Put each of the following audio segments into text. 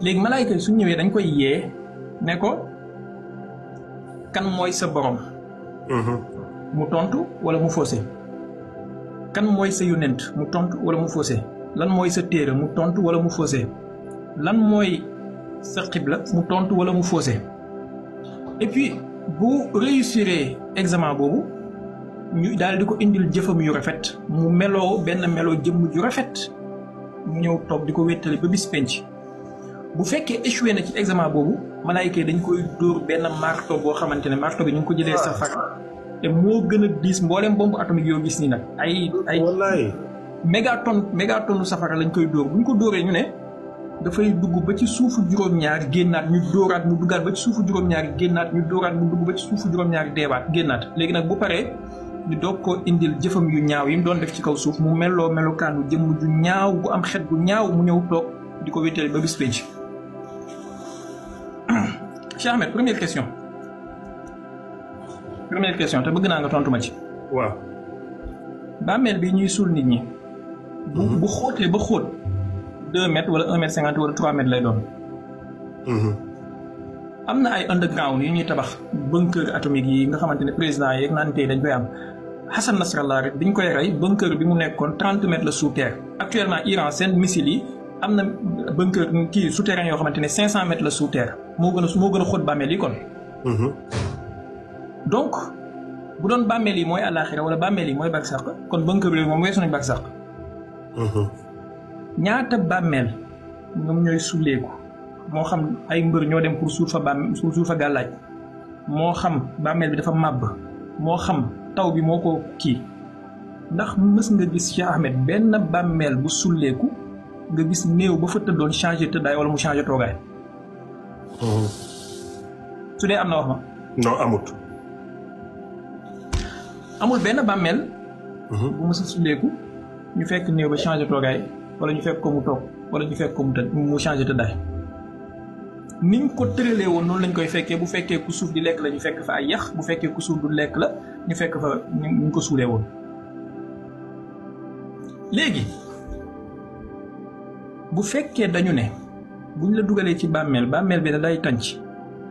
léegi malaayka yi suñ ñëwee dañ koy yee ne ko kan mooy sa borom mhm. mu tontu wala mu faussé kan mooy sa yonent mu tontu wala mu faussé lan mooy sa téere mu tontu wala mu faussé lan mooy sa xibla mu tontu wala mu faussé et puis bu réussiré examen boobu ñu daal di ko indil jëfam yu rafet mu meloo benn meloo jëmm ju rafet mu ñëw toog di ko wéttali ba bis penc bu fekkee échoué na ci examen boobu malaayika yi dañ koy dóor benn marto boo xamante ne marto bi ñu ngi ko jëlee ah. safara te moo gën a diis mbooleem bombe atomique yoo gis ni nag ay ay mégatonne mégatonne safara lañ koy dóor bu ñu ko dóoree ñu ne dafay dugg ba ci suufu juróom-ñaar génnaat ñu dóoraat mu duggaat ba ci suufu juróom-ñaar génnaat ñu dóoraat mu dugg ba ci suufu juróom-ñaar deebaat génnaat léegi nag bu pare ñu doog ko indil jëfam yu ñaaw yi mu doon def ci kaw suuf mu meloo melukaanu jëmm ju ñaaw bu am xet gu ñaaw mu ñëw toog di ko wéttale ba bis pénc première question première question tu bëgg que nga tontu ci. waaw. bàmmeel bi ñuy nit ñi. bu mhm. mètres ou 1 mètre cinquante wala 3 mètres lay doon. Mhm. underground tabax bunker atomique yi nga président dañ koy am Hassan Nasrallah rek bunker bi mu mètres sous terre actuellement Iran seen missile yi am na bunker kii souterrain yoo xamante ne 500 mètres la sous terre moo gën a moo gën a xóot bàmmeel yi kon. Mhm. donc bu doon bàmmeel yi mooy àllaaxira wala bàmmeel yi mooy barsàq kon bunker bi moom weesu nañu barsàq. Mhm. ñaata bàmmeel ñoom ñooy suuleeku moo xam ay mbër ñoo dem pour suul fa bàmm suul fa gàllaaj moo xam bàmmeel bi dafa màbb moo xam taw bi moo ko kii ndax mës nga gis Cheikh Ahmed benn bàmmeel bu suuleeku. nga gis néew ba fa tëddoon changé tëddaay wala mu changé toogaay. Mhm. su dee am na wax ma. non amut. amul benn bàmmeel. Mhm. bu mos sa sundeeku ñu fekk néew ba changé toogaay wala ñu fekk ko mu toog wala ñu fekk ko mu tëdd mu changé tëddaay. ni ñu ko tëralee woon noonu lañ koy fekkee bu fekkee ku suuf di lekk la ñu fekk fa ay yax bu fekkee ku suuf du lekk la ñu fekk fa ñu ko suulee woon léegi. bu fekkee dañu ne buñ la dugalee ci bàmmeel bàmmeel bi da day tànc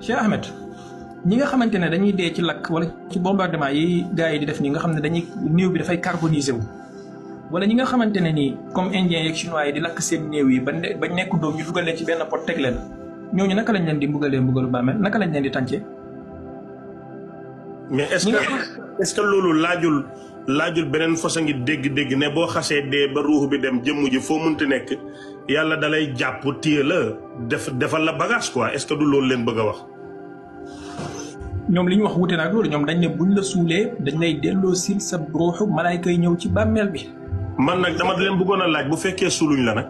Cheikh Ahmed ñi nga xamante ne dañuy dee ci lakk wala ci bombardement yi gars yi di def nii nga xam ne dañuy néew bi dafay carbonisé wu. wala ñi nga xamante ne nii comme indien yeeg di lakk seen néew yi ba ne ba nekk doom ñu dugal leen ci benn pot teg leen ñooñu naka lañ leen di mbugalee mbugalu bàmmeel naka lañ leen di tàncee. mais est-ce loolu laajul. laajul beneen fosa ngi dégg-dégg ne boo xasee dee ba ruux bi dem jëmm ji foo munti nekk yàlla dalay jàpp téye la def defal la bagage quoi est du loolu leen bëgg a wax. ñoom li ñu wax wute nag loolu ñoom dañ ne buñ la suulee dañ lay delloo sil sa ruuxu malaayka yi ñëw ci bàmmeel bi. man nag dama leen bëggoon laaj bu fekkee suuluñ la nag.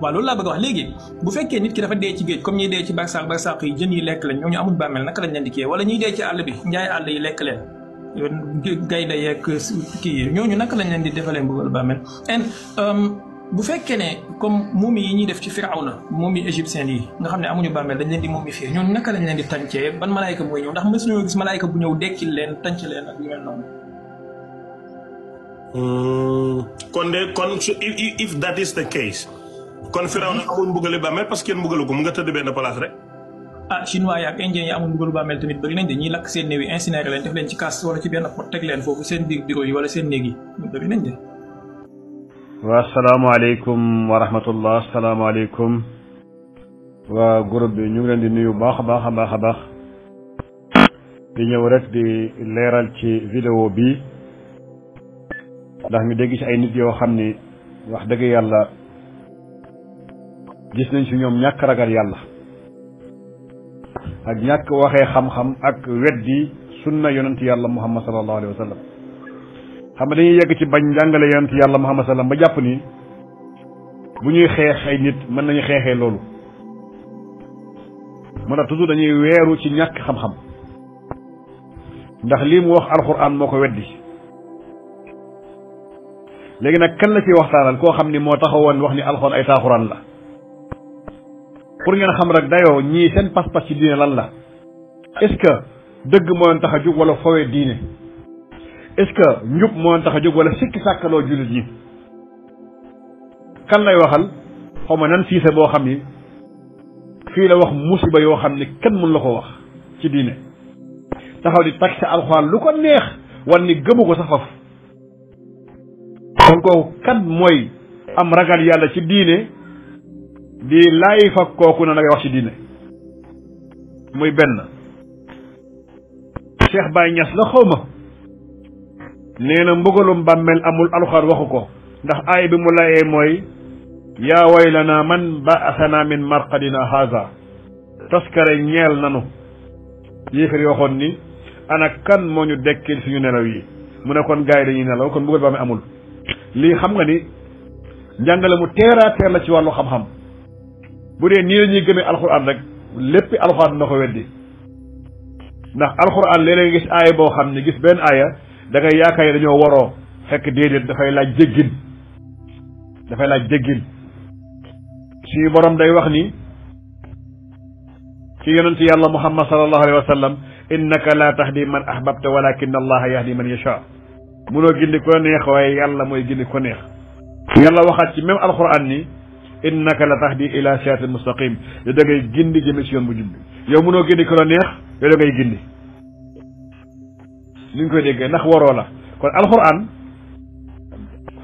waaw loolu laa bëgg a wax léegi bu fekkee nit ki dafa dee ci géej comme ñuy dee ci barsàq barsàq yi jën yi lekk leen ñooñu amul bàmmeel naka di kiyee wala ñuy dee ci àll bi njaay àll yi lekk leen yoon gaynde yeeg kii yi ñooñu nak lañ leen di defalee mbugal en euh bu fekkee ne comme mumi yi ñi def ci firawna mumi égyptien yi nga xam amuñu bamel dañ leen di fi ñooñu nak lañ leen di tanché ban malaika moy ñëw ndax mësu nañoo gis malaika bu ñew dekkil leen tanché leen ak yu mel hmm, kon de kon if that is the case kon firawna mbugal ba mel parce que kenn mbugalu ko mu nga tedd ben place rek ah chinois yi ak indien yi amul mbugalu bàmmeel tamit bëri nañ dañuy lakk seen néew yi incinéré leen def leen ci kaas wala ci benn pot teg leen foofu seen biir bureau yi wala seen néeg yi bëri nañ de. waa salaamaaleykum wa rahmatullah salaamaaleykum. waa bi ñu ngi leen di nuyu baax a baax a baax a baax. di ñëw rek di leeral ci vidéo bi. ndax ñu dégg ci ay nit yoo xam ni wax dëgg yàlla gis nañ ci ñoom ñàkk ragal yàlla. ak ñàkk waxee xam-xam ak weddi sunna yonent yàlla muhammad sallallahu alayhi wa sallam xam nga dañuy yegg ci bañ njàngale yonent yàlla muhammad sallam ba jàpp ni bu ñuy xeex ay nit mën nañu xeexee loolu mën tax toujours dañuy weeru ci ñàkk xam-xam ndax lii mu wax alxuraan moo ko weddi léegi nag kan la ciy waxtaanal koo xam ni moo taxawoon wax ni alxuraan ay taaxuraan la pour ngeen xam rek dayoo ñii seen pas-pas ci diine lan la est-ce que dëgg moo leen tax a jóg wala fowee diine est-ce que njub moo leen tax a jóg wala sikki sàkkaloo jullit ñi kan lay waxal xaw ma nan siise boo xam ni fii la wax musiba yoo xam ni kenn mën la ko wax ci diine taxaw di taxe alxuraan lu ko neex wan ni gëmu ko sax faf kon kooku kan mooy am ragal yàlla ci diine di laay fa kooku na ngay wax ci diine muy benn Cheikh Baye Niass la xaw ma nee na mbugalum bàmmeel amul alxuraan waxu ko ndax aay bi mu layee mooy yaa waylana man ba'athana min marqadina haza taskare ñeel nanu yéefar yi waxoon ni ana kan moo ñu dekkil suñu nelaw yi mu ne kon gars dañuy nelaw kon mbugal bàmmeel amul lii xam nga ni njàngale mu teera teer la ci wàllu xam-xam bude ni nii la ñuy gëmee alxuraan rek léppi alxuraan na ko weddi ndax alxuraan leeg gis aaya boo xam ne gis benn aaya da ngay yaakaar yi dañoo waroo fekk déedéet dafay laaj jéggin dafay laaj jéggin suñu borom day wax ni ci yonent yàlla muhammad sallallahu alayhi wa sallam innaka la tahdi man ahbabta walakin allaha yahdi man yasha munoo gindi ko neex waaye yàlla mooy gindi ko neex yàlla waxaat ci même alxuraan ni innaka la tahdi ila siratin mustaqim yow da ngay gindi jëme si yoon bu jub bi yow mënoo gindi ku la neex yow da ngay gindi ni nga koy déggee ndax waroo la kon alquran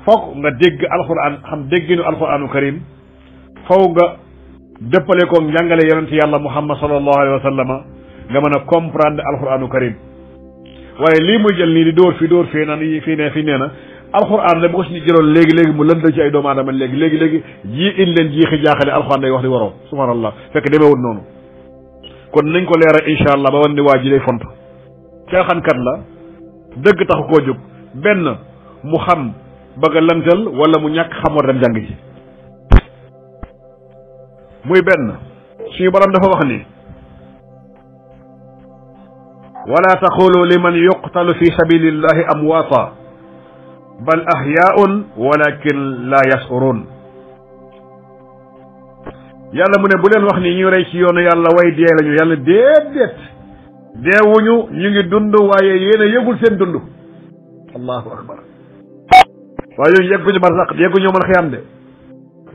foog nga dégg alquran xam dégginu alquranu karim faw nga dëppale ko njàngale yonente yàlla muhammad sallallahu alayhi wa sallama nga mën a comprendre alquranu karim waaye lii muy jël nii di dóor fi dóor fii naan fii ne fii nee na alxuraan la bu ko si jëloon léegi léegi mu lëndal ci ay doomu aadama léegi léegi léegi ji in leen jiixi jaaxale alxuraan day wax di waroon subhanallah fekk demeewut noonu kon nañ ko leeral incha allah ba wan ni waa ji day font caaxaankat la dëgg taxu koo jóg benn mu xam bëgg a lëntal wala mu ñàkk xam war dem jàng ji muy benn suñu borom dafa wax ni wala taqulu liman yuqtalu fi sabilillahi amwaata bal ahyaun walakin la yashurun yàlla mu ne bu leen wax ni ñu rey ci yoonu yàlla way dee lañu yàlla déedéet deewuñu ñu ngi dund waaye yéen a yëgul seen dund allahu akbar waaye ñooñu yegguñu barsax yegguñu man xiyam de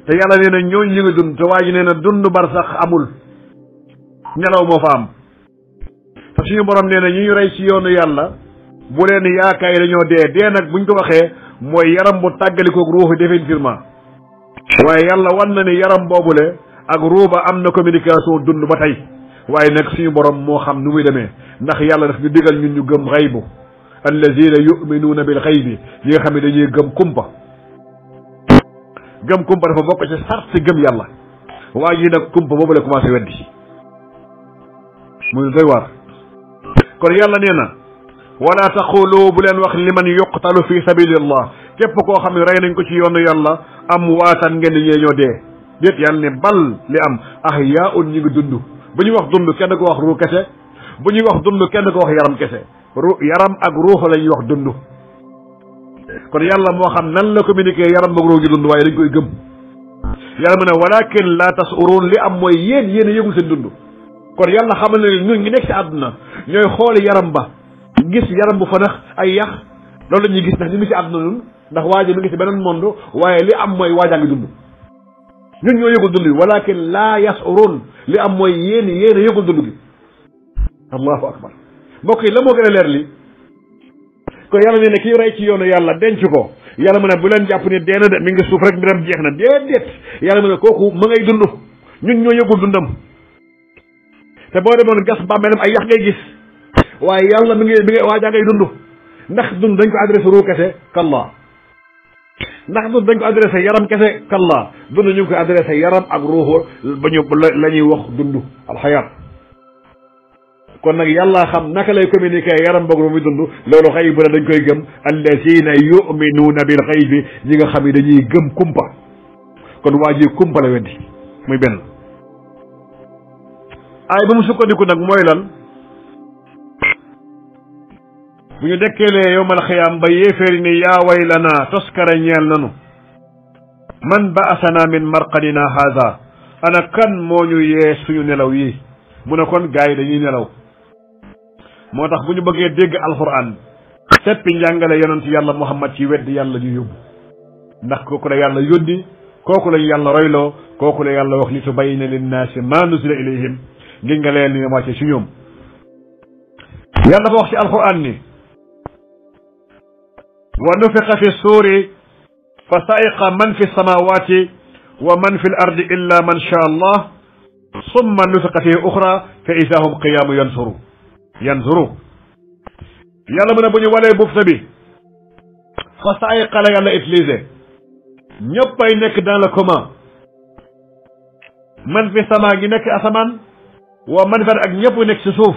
te yàlla nee na ñooñu ñu ngi dund te waa ji nee na dund barsax amul nelaw moo fa am te suñu borom nee na ñu ñu rey ci yoonu yàlla bu leen yaakaar yi dañoo dee dee nag buñ ko waxee mooy yaram bu tàggalikoog ruuxu définitivement waaye yàlla wan na ne yaram boobule ak ruuba am na communication dund ba tey waaye nag suñu borom moo xam nu muy demee ndax yàlla daf ñu digal ñun ñu gëm xaybu allazina yuminuuna bil xaybi ñi nga xam ne dañuy gëm kumpa gëm kumpa dafa bokk ci sart si gëm yàlla waa ji nag kumpa boobu la commencé weddi muy doy ولا تقولوا بلن وخ لمن يقتل في سبيل الله كيف كو خامي راي نانكو سي يونو يالا امواتان نين نيو دي ديت يالني بال لي ام احياء نيغ دوندو بني وخ دوندو كين كو وخ رو كسه بني وخ دوندو كين كو وخ يارام كسه رو يارام اك روح لاي وخ دوندو كون يالا مو خام نان لا كومونيكي يارام مك روجي دوندو واي دنجكو گم يالا من ولكن لا تسورون لي ام موي يين يين دوندو كون يالا خامل ني نيغ نيك سي ادنا نيو خول يارام با gis yaram bu fanax ay yax loolu la gis ndax ñu ngi ci àdduna ñun ndax waaja mi ngi ci beneen monde waaye li am mooy waajaa ngi dund ñun ñoo yëgul dund gi walakin li am mooy yéen yéen a yëgul dund gi allahu akbar mbokk yi li ko yàlla ne ne ci yoonu yàlla denc ko yàlla mu bu leen jàpp ne de mi ngi suuf rek mbiram jeex na déedéet yàlla mu ne kooku ma ngay dund ñun ñoo dundam te boo demoon gas bàmmeelam ay yax ngay gis waaye yàlla mi ngi mi ngi waajaa ngay dund ndax dund dañ ko adressé ruu kese kallaa ndax dund dañ ko adressé yaram kese kallaa dund ñu ko adressé yaram ak ruuxu ba ñuy wax dund alxayaat kon nag yàlla xam naka lay communiqué yaram boog muy dund loolu xëy bu ne dañ koy gëm allazina yuminuuna bil xaybi ñi nga xam ne dañuy gëm kumpa kon waa ji kumpa la weddi muy benn aay ba mu sukkandiku nag mooy bu ñu dekkeelee yowmal xiyaam ba yéeféeri ni yaa waylana toskare ñeel nanu man baasana min marqadina haada ana kan moo ñu yee suñu nelaw yi mu ne kon gars yi dañuy nelaw moo tax bu ñu bëggee dégg alxuraan seppi njàngale yonent yàlla muhammad ci wedd yàlla ñu yóbbu ndax kooku la yàlla yónni kooku lañ yàlla royloo kooku la yàlla wax li tubayyina linnaasi maa nuzila ilayhim ngir nga leen ni wàcce ci ñoom yàlla dafa wax ci alxuraan ni ونفق في السور فصائق من في السماوات ومن في الأرض إلا من شاء الله ثم نفق فيه أخرى فإذا هم قيام ينظروا ينظروا يلا من أبني ولا يبوف نبي فصائق لا يلا إفليزة نيب بينك دان لكما من في السماء نك أثمان ومن في الأرض نيب نك سسوف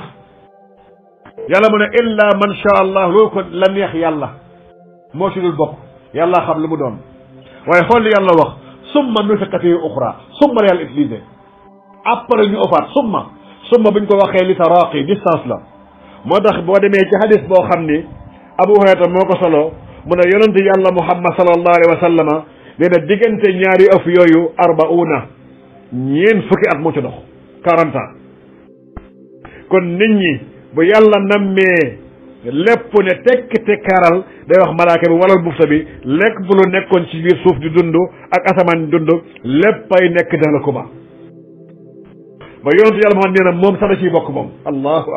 يلا من إلا من شاء الله روك لم يخي الله moo ci dul bokk yàlla xam lu mu doon waaye xool li yàlla wax summa nufiqa fii uxra summa la yàlla utilisé après ñu ofaat summa summa buñ ko waxee li taraaqi distance la moo tax boo demee ci hadis boo xam ni abu hurayra moo ko solo mu ne yonente yàlla muhammad sallallahu alayhi wa sallama nee na diggante ñaari ëf yooyu arbauna ñeen fukki at moo ci dox quarante ans kon nit ñi bu yàlla nammee lépp ne tekk te kaaral day wax malaaka bi walal bufta bi lekk bu lu nekkoon ci biir suuf di dund ak asamaan di dund lépp ay nekk dana ko ba ba yonentu yàlla Muhammad nee na moom sax da ciy bokk moom allahu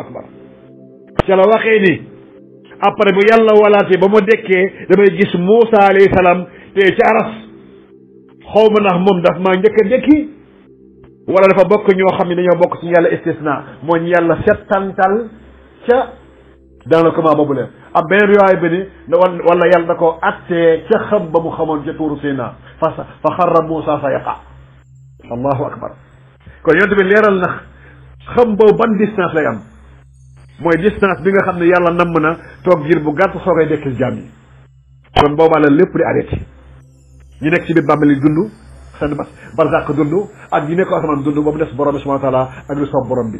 la waxee ba mu dekkee damay gis Muusa alayhi salaam te ci aras xaw ma ndax moom daf maa njëkk a dekki wala dafa bokk ñoo xam ne dañoo bokk ci yàlla istisna mooñ yàlla settantal ca dana ko maa boobu leen ab beneen riwaay bi ni wala yàlla da ko attee ca xam ba mu xamoon ca tuuru Sina fa fa xarra Moussa sa yaqa allahu akbar kon yonte bi leeral na xam boobu ban distance lay am mooy distance bi nga xam ne yàlla namm na toog jiir bu gàtt soo koy dekkil jaam yi kon boobaa la lépp di arrêté ñu nekk ci biir bàmmeel yi dund seen bas barzaq dund ak ñu nekk asamaan dund ba mu des borom bi subhanahu wa taala ak lu soob borom bi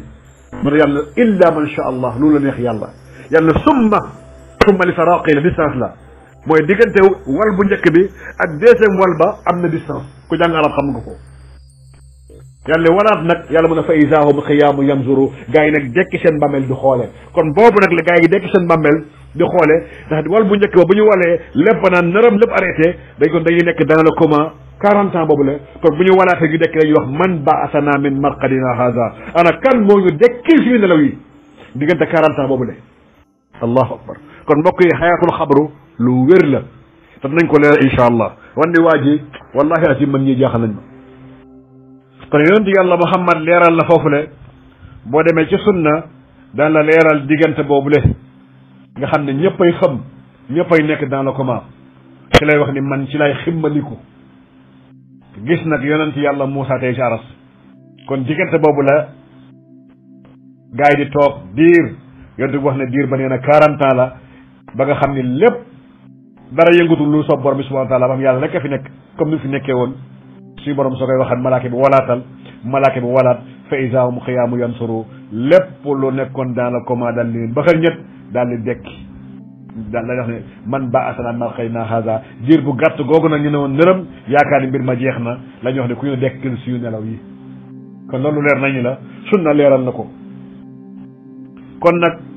man yàlla illa man sha allah loolu la neex yàlla yàlla summa summa li faraqi la distance la mooy diggante wal bu njëkk bi ak deuxième wal ba am na distance ku jàng arab xam nga ko yàlla walaat nag yàlla mën a fa isaahum xiyaamu yanzuru gars yi nag dekki seen bàmmeel di xoole kon boobu nag la gars yi dekki seen bàmmeel di xoole ndax wal bu njëkk ba bu ñu walee lépp naan nëram lépp arrêté dañ kon dañuy nekk dans le coma quarante ans boobu la kon bu ñu walaatee ñu dekk lañuy wax man ba asana min marqadina hada ana kan moo ñu dekkil suñu nelaw yi diggante quarante ans boobu la الله اكبر كون بوكي حياه الخبر لو وير لا تب نانكو ليرا ان شاء الله واني واجي والله اسي من ني جاخ نان كون يونت يالله محمد ليرال لا فوفو لي بو ديمي سي سنه دا لا ليرال ديغنت بوبو لي nga xamne ñeppay xam ñeppay nek dans le coma ci lay wax ni man ci lay ximbaliku gis nak yonent yalla musa tay jaras kon digënté bobu la gaay di tok bir yonte bi wax ne diir ba nee na quarante ans la ba nga xam ne lépp dara yëngutul lu soob borom bi subhanahu wa taala maam yàlla rek a fi nekk comme ni fi nekkee woon suñu borom soo koy waxaat malaaka bi walaatal malaaka bi walaat fa isa mu xiyaamu yansuru lépp lu nekkoon dans le coma daal di leen baxal ñett daal di dekki daal la wax ne man ba asana mal xëy naa haza diir bu gàtt googu nag ñu ne woon nërëm yaakaar ni mbir ma jeex na la ñu wax ne ku ñu dekkal suñu nelaw yi kon loolu leer nañu la sunna leeral na ko kon nag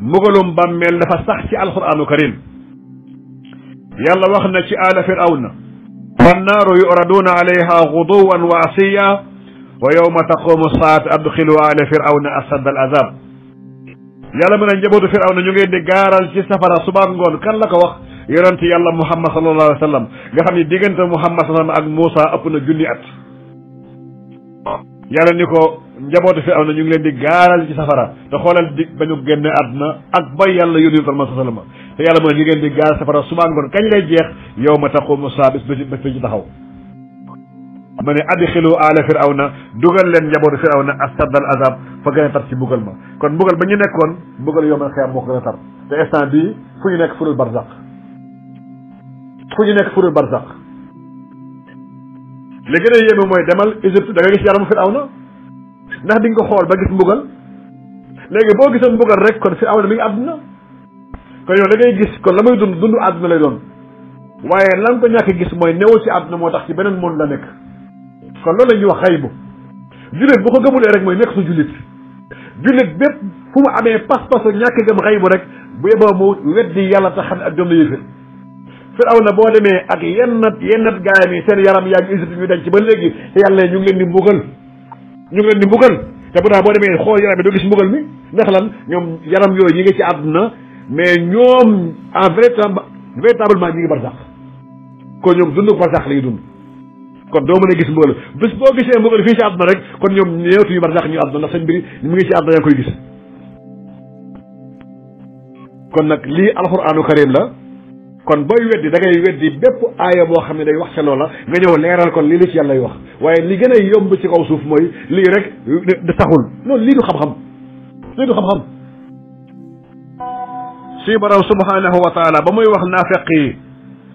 mbugalum bàmmeel dafa sax ci alquranu karim yàlla wax na ci aala firawna wannaaru yuraduna alayha guduwan wa asiya wa yowma taqumu saat adxilu aala firawna asad al azab yàlla mu ne njabootu firawna ñu ngeen di gaaral ci safara subaak ngoon kan la ko wax yonent yàlla muhammad sallallahu alayhi wa sallam nga xam ne diggante muhammad sallam ak Moussa ëpp na junni at yàlla ni ko njabootu fi aw na ñu ngi leen di gaaral ci safara te xoolal di ba ñu génne àdduna ak ba yàlla yónni tal ma sasalama te yàlla mooy ngeen di gaaral safara suba ngoon kañ lay jeex yow ma taqumu saa bis ba ci ba ci taxaw ma ne adxilu ala na dugal leen njabootu firawna asaddal azab fa gën a tar ci mbugal ma kon mbugal ba ñu nekkoon mbugal yow ma xiyam moo ko gën a tar te instant bii fu ñu nekk furul barzaq fu ñu nekk furul barzaq li gën a yéeme mooy demal Égypte da nga gis yaramu firawna ndax di nga ko xool ba gis mbugal léegi boo gisoon mbugal rek kon fi aw na mi ngi àdduna kon yow da gis kon la muy dund dund àdduna lay doon waaye lan ko ñàkk gis mooy newul ci àdduna moo tax ci beneen monde la nekk kon loolu la ñuy wax xaybu jullit bu ko gëmulee rek mooy nekk su jullit jullit bépp fu mu amee pas-pas ak ñàkk gëm xaybu rek bu yeboo mu weddi yàlla tax xam ak doom la yëfir na boo demee ak yennat yennat gaayam yi seen yaram yaa ngi Égypte ñu denc ba léegi yàlla ñu ngi leen di mbugal ñu ngi leen di mbugal te bu tax boo demee xool yaram bi doo gis mbugal mi ndax lan ñoom yaram yooyu ñu ngi ci àdduna mais ñoom en véritable véritablement ñi ngi barsax kon ñoom dund barsax lañuy dund kon doo mën a gis mbugal bis boo gisee mbugal fii ci àdduna rek kon ñoom ñeewtuñu barsax ñu àdduna ndax seen mbiri mu ngi ci àdduna yaa koy gis kon nag lii alxuraanu karim la kon boy weddi da ngay weddi bépp aya bo xamni day wax ci lola nga ñëw leral kon li li ci yàlla wax waye li gëna yomb ci kaw suuf moy li rek da taxul non li du xam-xam li du xam-xam si borom subhanahu wa taala ba muy wax nafiqi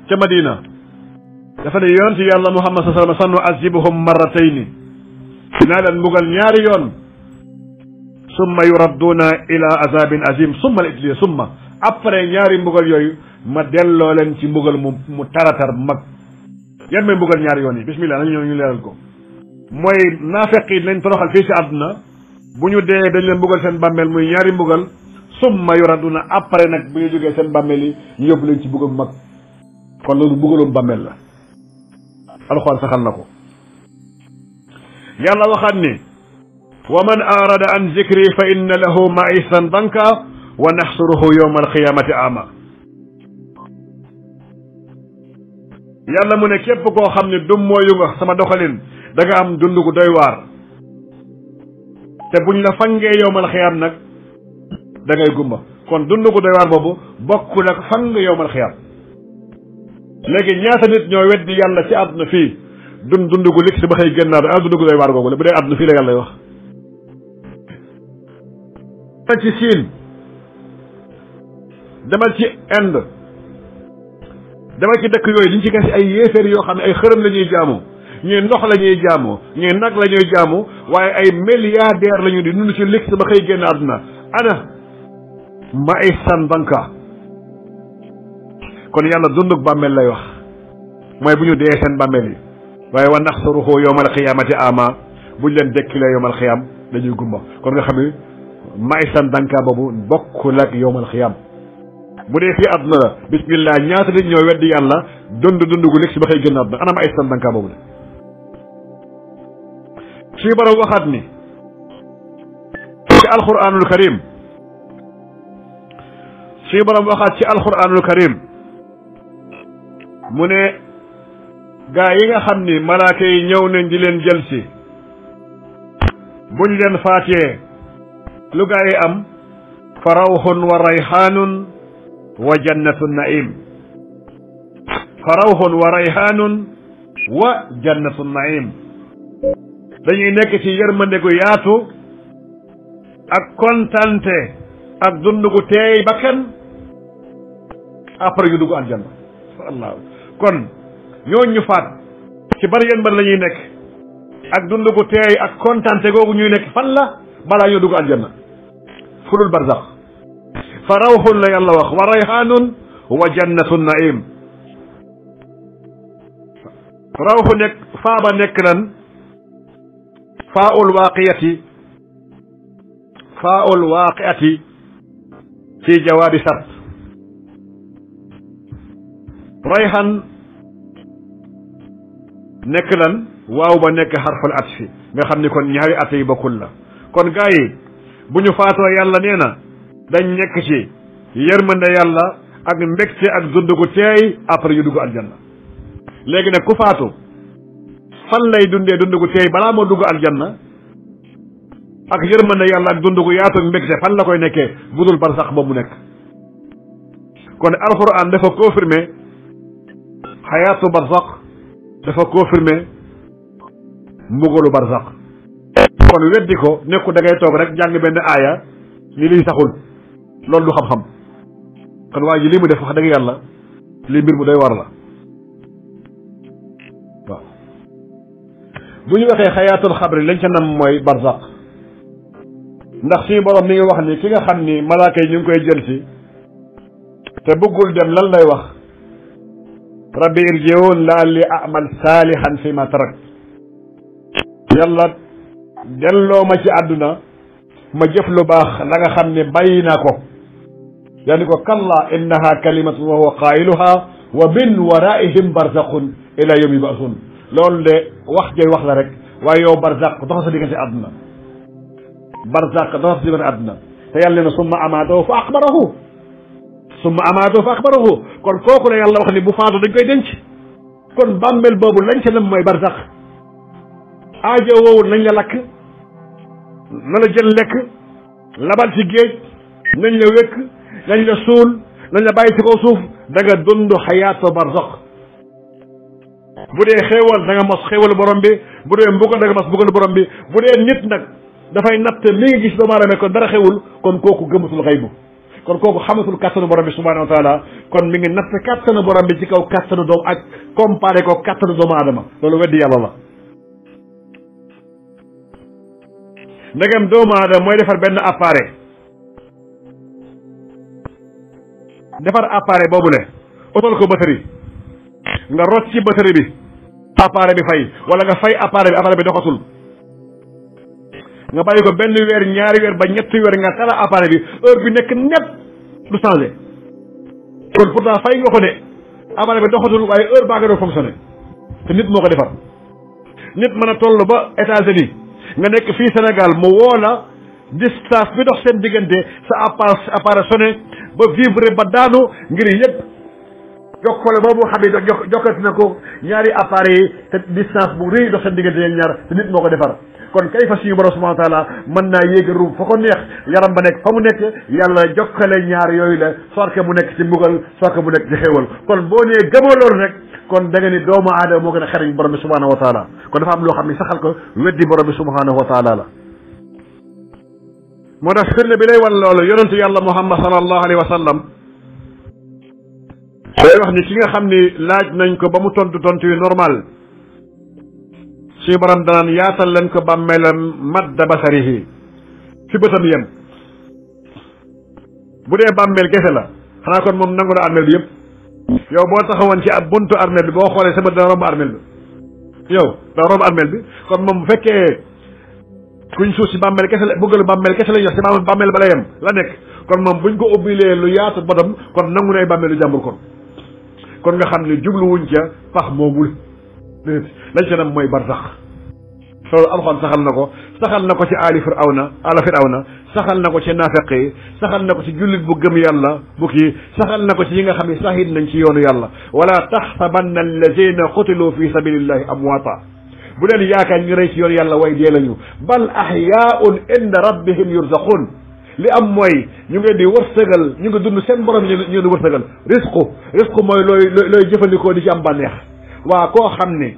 ci medina madina dafa ne yoon ci yàlla muhammad sallallahu sa wasallam sanu azibuhum marratayn dina lan mugal ñaari yoon summa yuradduuna ila azabin azim summa la itlie summa après ñaari mbugal yooyu ma delo len ci mbugal mu mu taratar mag yan may mbugal ñaar yoni bismillah nañu ñu leral ko moy nafaqi yi nañ toroxal fi ci aduna buñu dé dañ leen mbugal seen bammel muy ñaari mbugal summa yuraduna après nak bu ñu jógee seen bàmmeel yi ñu yóbbu leen ci bugal mag kon lolu mbugalum bammel la alxuraan saxal nako yalla yàlla ni arada an zikri fa inna lahu maisan danka ونحصره يوم القيامة أعمى يلا من كيف كو خامني دوم مو يوغ سما دوخالين داغا ام دوندو دوي وار تبون لا فانغي يوم الخيام نك داغاي غومبا كون دوندو دوي وار بوبو بوكو لك فانغ يوم الخيام لكن نياتا نيت ньо ويدي يالا سي ادنا في دون دوندو ليك سي باخاي генار ادنا دوغ دوي وار غوغو لا بودي ادنا في لا يالا يوخ فاتي demal ci Inde demal ci dëkk yooyu liñ ci gis ay yéeféer yoo xam ne ay xërëm la ñuy jaamu ñuy ndox la ñuy jaamu ñuy nag la ñuy jaamu waaye ay milliardaire la ñu di dund ci luxe ba xëy génn àdduna ana ma ay sandanka kon yàlla dundug bàmmeel lay wax mooy bu ñu dee seen bàmmeel yi waaye wa naxsuruhu yowmal xiyaamati ama buñ leen dekkilee yowmal xiyaam dañuy gumba kon nga xam ne may sandanka boobu bokkul ak yowmal xiyaam bu dee fii àdduna la bismillah ñaata nit ñoo weddi yàlla dund dund gu nekk ba xëy génn àdduna anam ay san dankaa boobu de suñu borom waxaat ni ci alquranul karim suñu borom waxaat ci alquranul karim mu ne gaa yi nga xam ni malaaka yi ñëw nañ di leen jël si buñ leen faatee lu gaa yi am fa rawxun wa rayxaanun وجنة النعيم فروح وريحان وجنة النعيم dañuy nekk ci yërmande gu yaatu ak kontante ak dund gu teey ba kenn après ñu dugg aljanna allah kon ñooñ ñu faat ci bari yërmande la ñuy nekk ak dund gu teey ak kontante googu ñuy nekk fan la balaa ñoo dugg aljanna fulul barzax فروح ليلا وريحان وجنة النعيم روح نك فابا نكرا فاء الواقية فاء الواقعة في جواب سرد ريحان نكلا واو بنك حرف العطف مي خامني كون نياري اتي بكل كون غاي بو ني فاتو يالا نينا dañ nekk ci yërmande yàlla ak mbégte ak dund gu teey après yu dugg aljanna léegi nag ku faatu fan lay dundee dund gu teey balaa moo dugg aljanna ak yërmande yàlla ak dund gu yaatu ak mbégte fan la koy nekkee budul bar sax ba mu nekk kon alxuraan dafa confirmer xayaatu barsax dafa confirmer mbugalu barsax kon weddi ko nekku da ngay toog rek jàng benn aaya ni liy saxul loolu du xam-xam kon waa ji mu def wax dëgg yàlla li mbir mu doy war la waaw bu ñu waxee xayaatul xabri lañ ca nam mooy barzaq ndax sii borom mi ngi wax ni ki nga xam ni malaaka yi ñu koy jël si te bëggul dem lan lay wax rabbi irjiun la'alli amal saalihan fi ma tarak yàlla delloo ma ci àdduna ma jëf lu baax la nga xam ni bàyyi naa ko يعني كلا إنها كلمة وهو قائلها ومن ورائهم برزق إلى يوم يبعثون لول دي واخ جاي واخ لا رك وايو ويو برزخ دوخس ديغنت أدنى برزخ دوخس ديغنت ادنا تيالنا ثم اماده فاخبره ثم اماده فاخبره كون كوكو لا يلا وخني بو فاتو دنجكاي دنج كون بامل بوبو لنج لم موي برزق اجا وو nañ لك lakk جيل لك jël lekk labal ci géej nañ la suul nañ la bàyyi ci kaw suuf da nga dund xayaatu barzax bu dee xéewal da nga mos xéewalu borom bi bu dee mbugal da nga mos mbugalu borom bi bu dee nit nag dafay natt li nga gis doomu aadama kon dara xewul kon kooku gëmatul xaybu kon kooku xamatul kàttanu borom bi subhanahu wa taala kon mi ngi natt kàttanu borom bi ci kaw kàttanu doom ak comparé ko kàttanu doomu aadama loolu weddi yàlla la ndegam doomu aadama mooy defar benn appareil defar appareil boobu le utal ko batterie nga rot ci batterie bi appareil bi fay wala nga fay appareil bi appareil bi doxatul nga bàyyi ko benn weer ñaari weer ba ñetti weer nga tala appareil bi heure bi nekk ñett du changé kon pourtant fay nga ko de appareil bi doxatul waaye heure baa nga doon fonctionné te nit moo ko defar nit mën a toll ba États-Unis nga nekk fii Sénégal mu woo distance bi dox seen diggante sa appareil sa sonné ba vivre ba daanu ngir yépp jokkale boobu xam ne jokkati na ko ñaari appareils yi te distance bu rëy dox seen diggante yéen ñaar te nit moo ko defar kon kay fa suñu borom subhanahu wa taala mën naa yéeg ruum fa ko neex yaram ba nekk fa mu nekk yàlla jokkale ñaar yooyu la soit mu nekk ci mbugal soit mu nekk ci xéewal kon boo nee gëmoo loolu rek kon da nga ni doomu aadama moo gën a xariñ borom bi subhanahu wa taala kon dafa am loo xam ne saxal ko weddi borom bi subhanahu wa taala la moo tax firnde bi lay wan loolu yonentu yàlla muhammad salallahu alayhi wa sallam day wax ni ki nga xam ni laaj nañ ko ba mu tontu tontu yu normal suñu borom danaan yaatal leen ko bàmmeelam madda basarihi ci bëtam yem bu dee bàmmeel gese la xanaa kon moom nangu na armeel bi yëpp yow boo taxawoon ci ab buntu armel bi boo xoolee sama bët dana romb armeel bi yow da romb armel bi kon moom bu fekkee kuñ suuf si bàmmeel kese la bëggalu bàmmeel kese la yor si bàmmeel bàmmeel ba la yem la nekk kon moom buñ ko ubbilee lu yaatu bodam kon nangu nay bàmmeelu jàmbur kon kon nga xam ne jubluwuñ ca pax moomul lañ ca nam mooy barsax loolu alxuraan saxal na ko saxal na ko ci aali firawna ala firawna saxal na ko ci naafeq yi saxal na ko ci jullit bu gëm yàlla bu kii saxal na ko ci yi nga xam ne sahid nañ ci yoonu yàlla wala taxsabanna allazina qutilu fi sabilillahi amwaata bu leen yaakaar ñu rey ci yoon yàlla way dee lañu bal ahyaun inda rabbihim yurzaqun li am mooy ñu ngi di wërsëgal ñu ngi dund seen borom ñu ngi di wërsëgal risqu risqu mooy looy looy jëfandikoo di ci am bànneex waa koo xam ne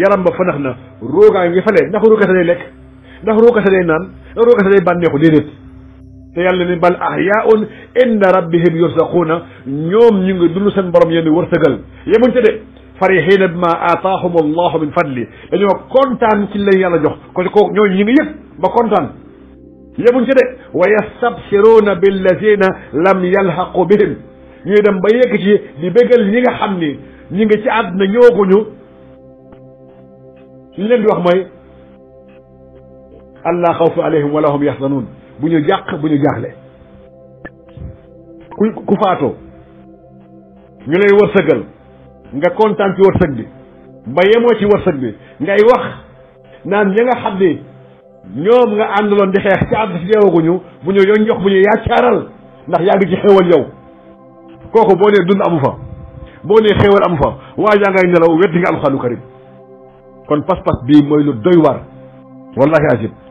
yaram ba fanax na roogaa ngi fale ndax rooga sa day lekk ndax rooga sa day naan ndax rooga sa day bànneexu déedéet te yàlla ni bal ahyaun inda rabbihim yurzaquuna ñoom ñu ngi dund seen borom yéen di wërsëgal yemuñ te de farihina bima ataahum allah min fadli dañoo kontaan ci leen yàlla jox ko ko ñooñu ñi ngi yëg ba kontaan yemuñ ci de wa yastabsiruna billazina lam yalhaqu bihim ñuy dem ba yegg ci di bégal ñi nga xam ni ñi ngi ci àdduna ñëwaguñu li leen di wax mooy allah xawfu alayhim wala hum yaxzanuun bu ñu jàq bu ñu jaaxle ku ku faatoo ñu lay wërsëgal nga kontaan ci wërsëg bi ba yemoo ci wërsëg bi ngay wax naan ñi nga xam ni ñoom nga àndaloon di xeex ci àdd si deewaguñu bu ñu yoon jox bu ñu yaacaaral ndax yaa ngi ci xéewal yow kooku boo nee dund amu fa boo nee xéewal amu fa waa jaa ngay nelaw weddi nga alxaanu karim kon pas-pas bii mooy lu doy war wallahi azim